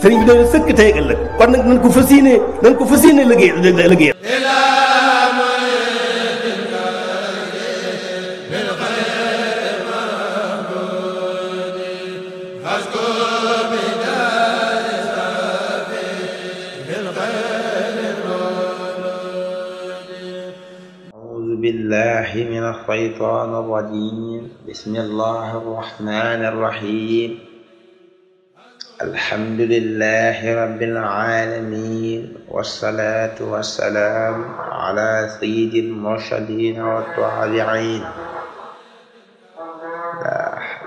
sëriñ bi dañu sëkk tey ak ëllëg kon nag nañ ko fas yéene nañ ko fas yéene liggéey liggéey بالله من الشيطان الرجيم بسم الله الرحمن الرحيم alhamdulillahi rabbil alamin wassalatu wassalamu ala sayyidil mursalin wa tabi'in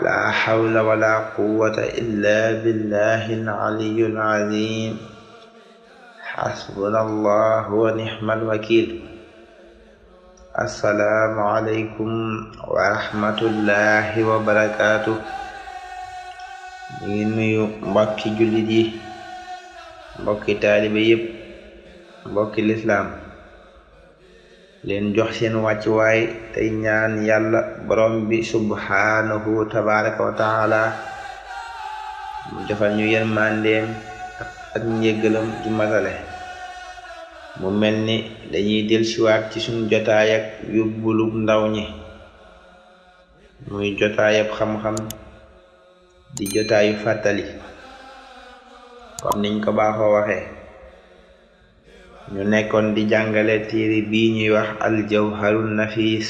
la hawla wala quwwata illa billahil aliyyil azim hasbunallahu wa ni'mal wakil assalaamu alaykum wa rahmatullahi wa barakatuh ngi nuyu mbokki jullit yi mbokki taalibe yépp mbokki lislaam leen jox seen wàccuwaay tey ñaan yàlla borom bi subhaanahu tabaraka wa taala mu defal ñu ak njéggalam ju matale mu mel ni dañuy dellusiwaat ci suñu jotaay ak yóbbulub ndaw ñi muy jotaayab xam-xam di jotaayu fàttali kon niñ ko baaxoo waxee ñu nekkoon di jàngale téere bii ñuy wax aljawharun nafis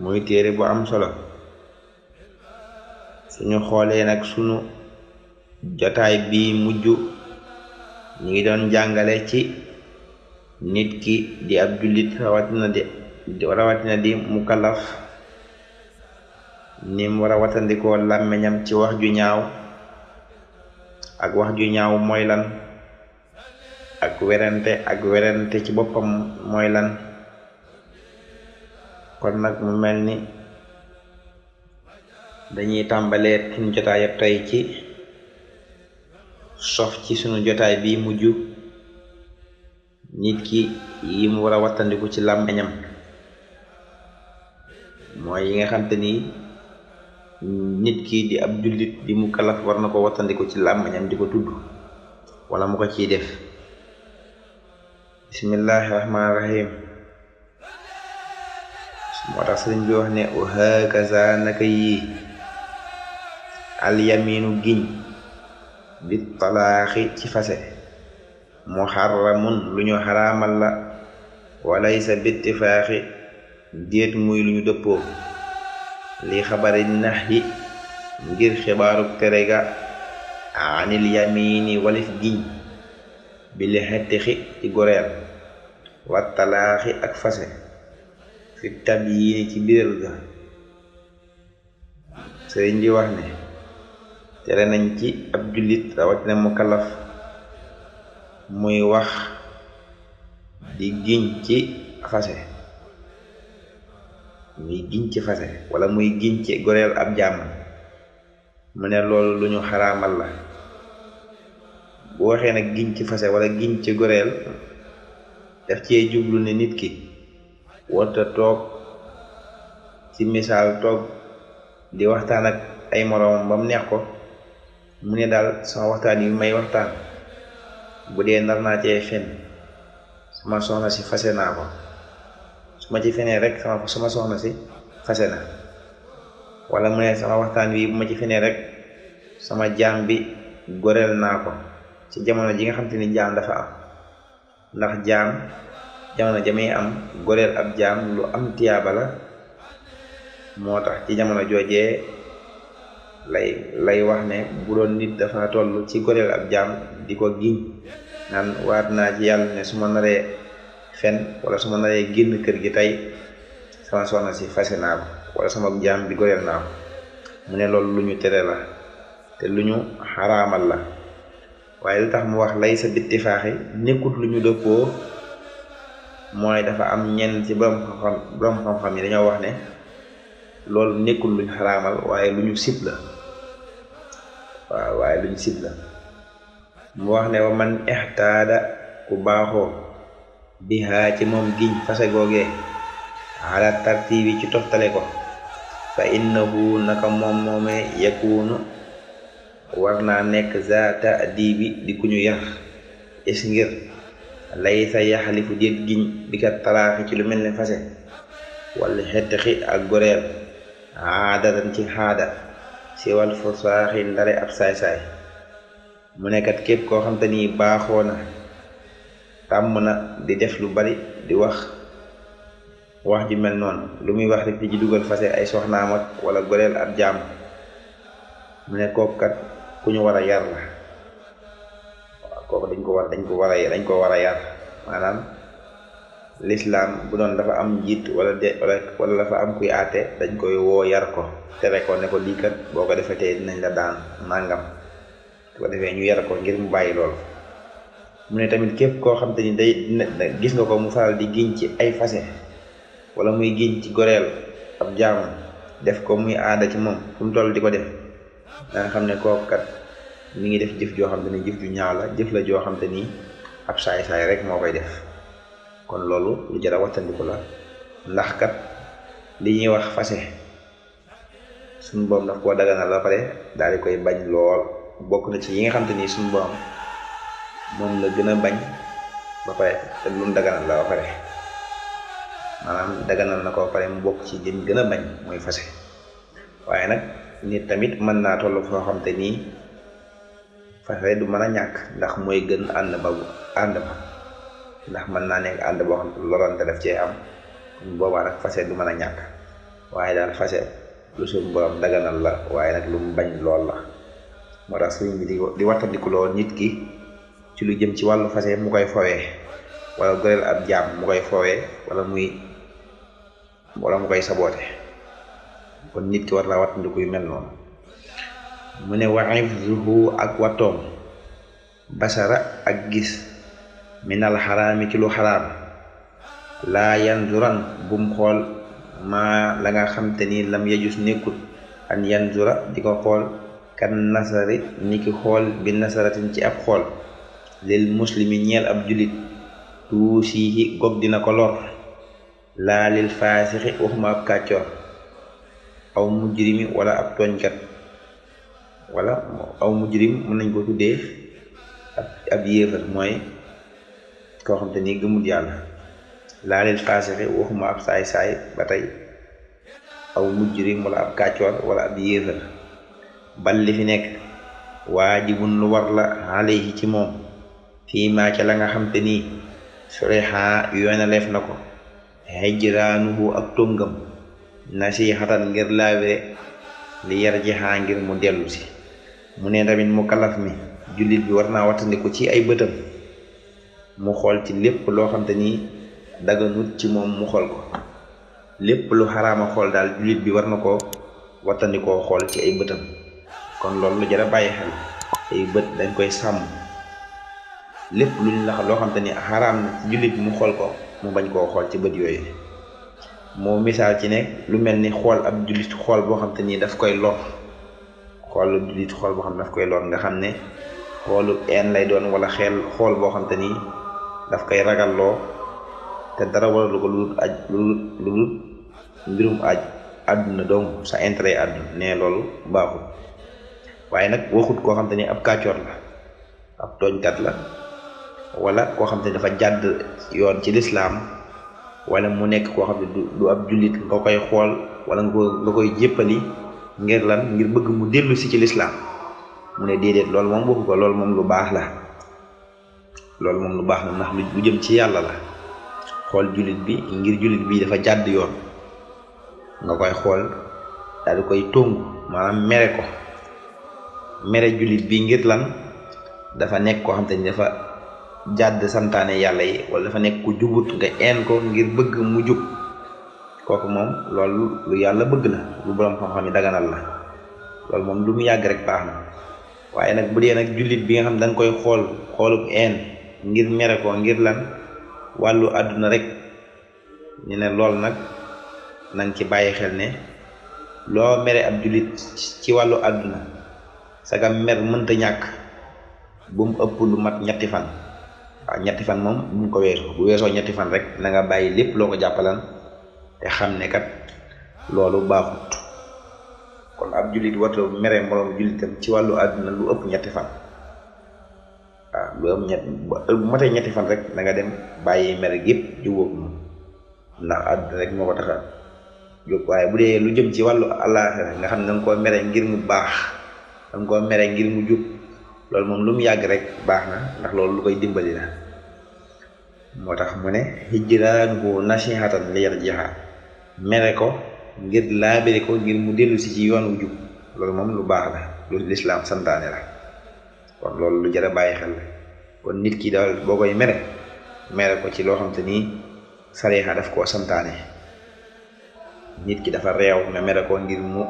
muy téere bu am solo suñu xoolee nag sunu jotaay bi mujj ñu ngi doon jàngale ci nit ki di ab jullit rawatina di mu di nim mu war a watandikoo làmmiñam ci wax ju ñaaw ak wax ju ñaaw mooy lan ak werante ak werante ci boppam mooy lan kon nag mu mel ni dañuy tàmbalee suñu jotaay tey ci soof ci suñu jotaay bi mujj nit ki yi mu war a wattandiku ci làmmiñam mooy yi nga xam te nii nit ki di ab jullit di mu kalaf war na ko wattandiku ci làmmañam di ko tudd wala mu ko ciy def bismillahi rahmaani rahim moo tax sëriñ bi wax ne hakaza naka yii alyaminu giñ bi ci fase muharramun lu ñu xaraamal la walaysa bittifaaxi déet muy luñu ñu dëppoo li nax nahyi ngir xibaaru tere ga anil yamini walif giñ bi li xettixi ci goreel wattalaaxi ak fase fi tab yii ci biral ga sëriñ bi wax ne tere nañ ci ab jullit rawatina mu kalaf muy wax di giñ ci fase muy giñ ci fase wala muy giñ ci goreel ab jàmm mu ne loolu lu ñu xaraamal la bu waxee nag giñ ci fase wala giñ ci goreel daf cee jublu ne nit ki warta toog ci misaal toog di waxtaan ak ay moroomam ba mu neex ko mu ne daal sama waxtaan yi may waxtaan bu dee nar naa cee fen sama soxna si fase naa ko ma ci feneen rek sama sama soxna si fase na wala mu ne sama waxtaan wi bu ma ci feneen rek sama jaam bi goreel naa ko ci jamono ji nga xam te ni jaam dafa am ndax jaam jamono jamay am goreel ab jaam lu am tiyaaba moo tax ci jamono joojee lay lay wax ne bu doon nit dafa toll ci goreel ab jaam di ko giñ naan waat naa ci yàlla ne su ma naree fen wala su ma naree génn kër gi tey sama soxna si fase naa ko wala sama jaam bi goreel ne lool lu ñu tere la lu ñu xaraamal la waaye lu tax mu wax lay sa bitti nekkut lu ñu dëppoo mooy dafa am ñenn ci borom dañoo wax ne loolu nekkul lu ñu waaye lu ñu sib la mu wax ne man ixtaada ku baaxoo bihaa ci moom giñ fase googee ala tartibi ci toftale ko fa innahu naka moom moomee yakuunu war nekk za taadibi di ku ñu yar is ngir laysa yaxalifu déet giñ bi ka talaaxi ci lu mel ne fase wala xettixi ak goreel aadatan ci xaada si wal fusaaxi ndare ab saay-saay mu nekkat képp koo xam te ni baaxoo tàmm na di def lu bari di wax wax ji mel noonu lu muy wax rek di ci dugal fase ay soxnaam ak wala goreel ab jaam mu ne kooku kat ku ñu war a yar la waaw dañ ko war dañ ko war a dañ ko war a yar maanaam lislaam bu noon dafa am njiit wala de wala dafa am kuy aate dañ koy woo yar ko tere ko ne ko lii kat boo ko defee tey nañ la daan nangam ko defee ñu yar ko ngir mu bàyyi loolu mu ne tamit képp koo xam te ni day gis nga ko mu faral di giñ ci ay fase wala muy giñ ci goreel ab jaamam def ko muy aada ci moom fu mu toll di ko dem da xam ne kooku kat mi ngi def jëf joo xam te ni jëf ju ñaaw la jëf la joo xam te ni ab saay-saay rek moo koy def kon loolu lu jar a wattandiku la ndax kat li ñuy wax fase suñu boom daf koo na la pare daal di koy bañ lool bokk na ci yi nga xam te ni suñu boom moom la gën a bañ ba pare te lu daganal la ba pare maanaam daganal na ko ba pare mu bokk ci jëm gën a bañ muy fase waaye nag nit tamit mën naa toll foo xam te nii fase du mën a ñàkk ndax mooy gën ànd ba ànd ba ndax mën naa nekk ànd boo xam lorante daf cee am boobaa nag fase du mën a ñàkk waaye daal fase lu suñu borom daganal la waaye nag lu bañ lool la moo tax sëriñ bi di wattandiku lool nit ki ci lu jëm ci wàllu fase mu koy fowee wala goreel ab jaam mu koy fowee wala muy wala mu kon nit ki war la wattandiku yu mel noonu mu ne wa ak wattoom basara ak gis minal xaraami kilo lu xaraam laa yanzuran bum xool maa la nga xam te ni lam yajus nekkut an yanzura di ko xool kan nasari ni ki xool bi nasaratin ci ab xool lil muslimi ñeel ab julit tuusihi gog dina ko lor laa lil faasixi waxuma ab kàccoor aw mujrimi wala ab tooñkat wala aw mujrim mën nañ ko tuddee ab ab mooy koo xam te ni gëmul yàlla laa ba tey aw mujrim wala ab kàccoor wala ab yéefar bal li fi nekk waajibun lu war la alayhi ci moom fii maa ca la nga xam te nii surexa yoonaleef na ko hijraanuhu ak tongam nasihatan ngir laabire li yarjixaa ngir mu dellusi mu ne tamit mu kalaf mi jullit bi war naa wattandiku ci ay bëtam mu xool ci lépp loo xam te nii daganut ci moom mu xool ko lépp lu xaraama xool daal jullit bi war na ko wattandikoo xool ci ay bëtam kon loolu lu xel ay bët dañ koy sàmm lépp lu ñu la loo xam te ni xaraam na ci jullit mu xool ko mu bañ koo xool ci bët yooyu moo misaal ci ne lu mel ni xool ab jullit xool boo xam te ni daf koy lor xool ab jullit xool boo xam ne daf koy lor nga xam ne xoolu een lay doon wala xeel xool boo xam te ni daf koy ragalloo te dara waralu ko lu aj lu lu mbirum aj àdduna dong sa intérêt àdduna ne loolu baaxul waaye nag waxut koo xam te ni ab kàccoor la ab tooñkat la wala koo xam ne dafa jàdd yoon ci lislaam wala mu nekk koo xam ab jullit nga koy xool wala ko nga koy jéppali ngir lan ngir bëgg mu dellu ci lislaam mu ne déedéet loolu moom waxu moom lu baax la loolu lu baax ndax lu jëm ci yàlla la xool jullit bi ngir jullit bi dafa jàdd yoon nga koy xool daal koy tóngu maanaam mere ko mere jullit bi ngir lan dafa nekk koo xam te ni dafa jàdd santaane yàlla yi wala dafa nekk ku jubut nga een ko ngir bëgg mu jub kooku moom loolu lu yàlla bëgg la lu borom xam-xam yi daganal la loolu moom lu mu yàgg rek baax na waaye nag bu dee nag jullit bi nga xam da nga koy xool xoolub een ngir mere ko ngir lan wàllu àdduna rek ñu ne lool nag na ci bàyyi xel ne loo mere ab jullit ci wàllu àdduna sagam mer mënta ñàkk bu ëpp lu mat ñetti fan waaw ñetti fan moom bu mu ko weesu bu ñetti fan rek nanga nga bàyyi lépp loo ko jàppalan te xam ne kat loolu baaxut kon ab jullit warta mere moroom jullitam ci wàllu àdduna lu ëpp ñetti fan waaw lu ëpp ñett bu ñetti fan rek na dem bàyyi mere gépp jubóob moom ndax àdduna rek moo ko waaye bu dee lu jëm ci wàllu àllaaxira nga xam ne danga koo mere ngir mu baax danga koo mere ngir mu jub loolu moom lu mu yàgg rek baax na ndax loolu lu koy dimbali la moo tax mu ne hijraan bu nasihatan li yarjiha mere ko ngir laabiri ko ngir mu dellu ci yoon wu loolu moom lu baax la lu lislaam la kon loolu lu jar bàyyi xel kon nit ki daal boo koy mere mere ko ci loo xam te nii sariixa daf koo santaane nit ki dafa reew nga mere ko ngir mu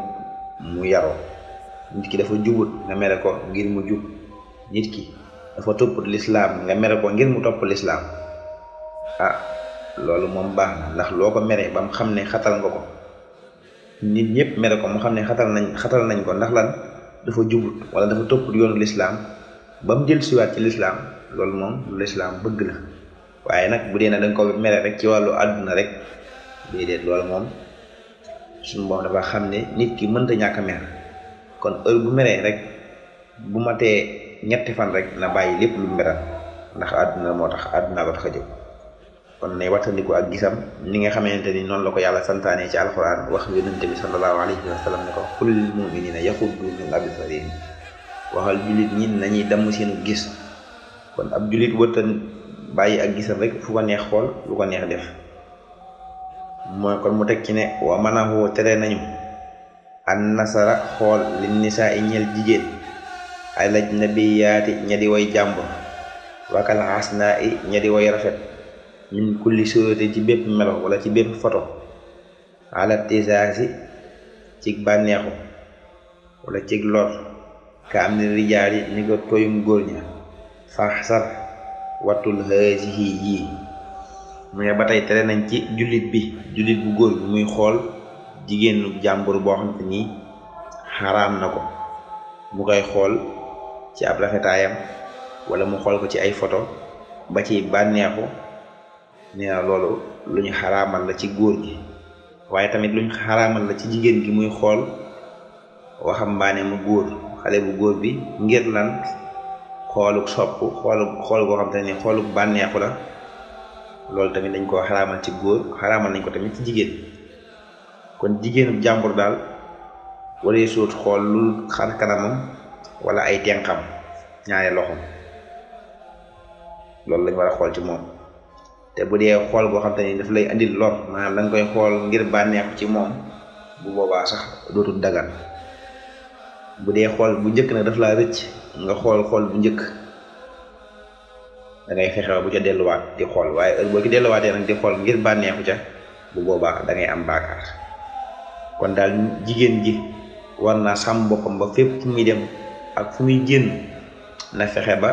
mu yaroo nit ki dafa jubut nga mere ko ngir mu jub nit ki dafa topp lislaam nga mere ko ngir mu topp lislaam ah loolu moom baax na ndax loo ko mere ba mu xam ne xatal nga ko nit ñëpp mere ko mu xam ne xatal nañ xatal nañ ko ndax lan dafa jubut wala dafa topp yoonu lislaam ba mu jël siwaat ci lislaam loolu moom lu bëgg waaye nag bu dee na ko mere rek ci wàllu àdduna rek déedéet loolu moom suñu moom dafa xam ne nit ki mënta ñàkk mer kon heure bu meree rek bu matee ñetti fan rek na bàyyi lépp lu meral ndax àdduna moo tax àdduna ko tax a jóg kon nay wattandiku ak gisam ni nga xamante ni noonu la ko yàlla santaane ci alxuraan wax yonente bi sallallahu alayhi wa sallam ne ko xul lil waxal jullit ñi nañuy damm seenu gis kon ab jullit wërta bàyyi ak gisam rek fu ko neex xool lu ko neex def mooy kon mu teg ci ne wa manahu tere nañu an nasara xool li nisaa i ñeel jigéen alaj nabiyaati ña di way jàmb wakal na i ña di rafet min kulli suurati ci bépp melo wala ci bépp photo alat tisaasi cig bànneexu wala cig lor ka am ne rijaal yi ni ko tooyum góor ña faxsar wattul haasihi yii mu ne ba tey tere nañ ci jullit bi jullit bu góor muy xool jigéenu jàmbur boo xam te nii xaraam na ko mu koy xool ci ab rafetaayam wala mu xool ko ci ay photo ba ci bànneexu nee loolu lu ñu xaraamal la ci góor gi waaye tamit lu xaramal la ci jigéen gi muy xool waxambaane mu góor xale bu góor bi ngir lan xooluk sopp xoolu xool goo xam te ni xooluk bànneexu la loolu tamit dañ koo xaraamal ci góor xaramal nañ ko tamit ci jigéen kon jigéenu jàmbur daal waree sóot xool lu xar kanamam wala ay tenqam ñaari loxom loolu lañ war a xool ci moom te bu dee xool boo xam te ni daf lay andil lor maanaam nga koy xool ngir bànneexu ci moom bu boobaa sax dootul dagan bu dee xool bu njëkk nag daf laa rëcc nga xool xool bu njëkk da ngay fexe bu ca delluwaat di xool waaye heure boo ci delluwaatee nag di xool ngir bànneexu ca bu boobaa dangay am baakaar kon daal jigéen ji war naa sam boppam ba fépp muy dem ak fu muy génn na fexe ba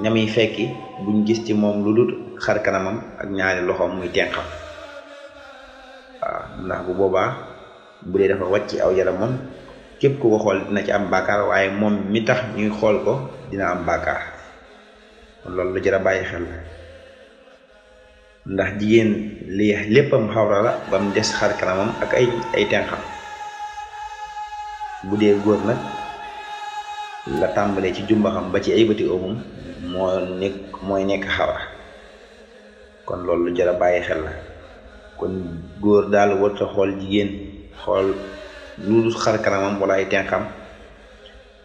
ñamiy fekki buñ gis ci moom lu dul xar kanamam ak ñaari loxoom muy tenqam waaw ndax bu boobaa bu dee dafa wàcc aw yaram moom képp ku ko xool dina ci am bàkkaar waaye moom mi tax ñuy xool ko dina am bàkkaar loolu lu jar a bàyyi xel ndax jigéen li léppam xawra la ba mu des xar kanamam ak ay ay tenqam bu dee góor nag la tàmbalee ci jumbaxam ba ci ay bëti umum moo nekk mooy nekk xawra kon loolu lu jar a bàyyi xel la kon góor daal warta xool jigéen xool lu dul xar kanamam wala ay tenxam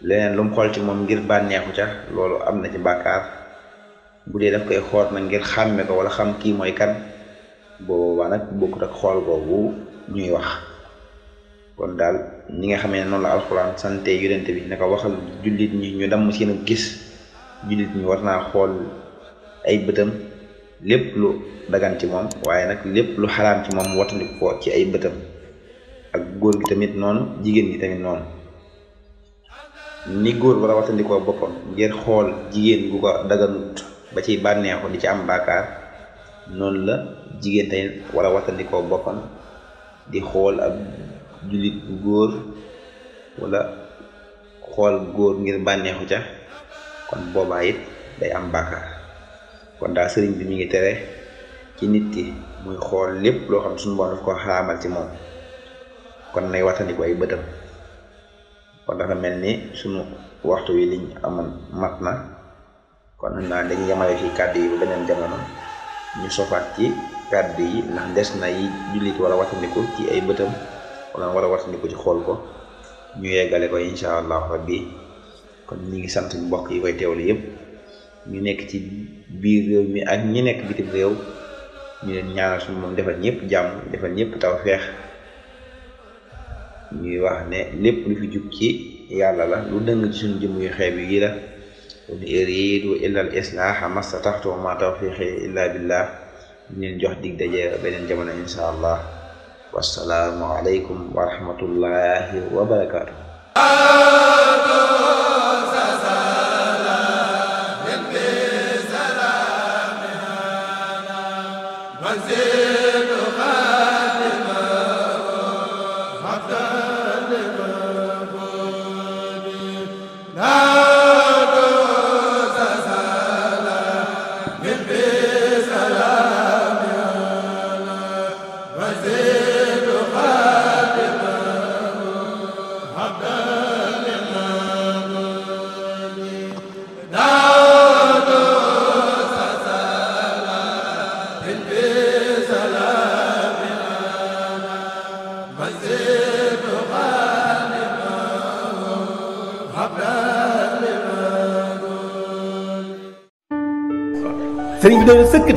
leneen lu xool ci moom ngir bànneexu ca loolu am na ci bàkkaar bu dee daf koy xool nag ngir xàmme ko wala xam kii mooy kan boobaa nag bokkut ak xool boobu ñuy wax kon daal ni nga xamee noonu la alxuraan sante yonent bi ne ko waxal jullit ñi ñu damm seen gis jullit ñi war naa xool ay bëtam lépp lu dagan ci moom waaye nag lépp lu xaraam ci moom watandi ko ci ay bëtam ak góor gi tamit noonu jigéen gi tamit noonu ni góor war a wattandikoo boppam ngir xool jigéen gu ko daganut ba ciy bànneexu di ci am baakaar noonu la jigéen tamit war a wattandikoo boppam di xool ak jullit góor wala xool góor ngir bànneexu ca kon boobaa it day am bàkkaar kon daa sëriñ bi mi ngi tere ci nit ki muy xool lépp loo xam suñu borom daf kon nay wattandiku ay kon dafa mel ni suñu waxtu wi liñ amoon mat na kon naa dañuy yemale fii kàddu yi bu beneen jamono ñu sofaat ci kàddu yi ndax des na yi jullit wala wattandiku ci ay bëtam wala war ko ci xool ko ñu yeggale ko incha allah rabbi kon ñu ngi sant mbokk yi koy teewlu yëpp ñu nekk ci biir réew mi ak ñi nekk bitim réew ñu leen ñaanal suñu moom defal ñëpp jàmm defal ñëpp tawfeex ñuy wax ne lépp lu fi jub ci yàlla la lu dëng ci suñu jëm yu xeeb yi la in uriidu illa al islaaha mastataxtu ma tawfiqi illa billah ñu leen jox dig daje beneen jamono incha allah wassalaamu aleykum wa rahmatullahi wa barakaatu. Manzil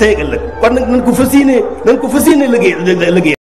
tey ëllëg kon nag nañ ko fas yéenee nañ ko fas yéenee liggéey liggéey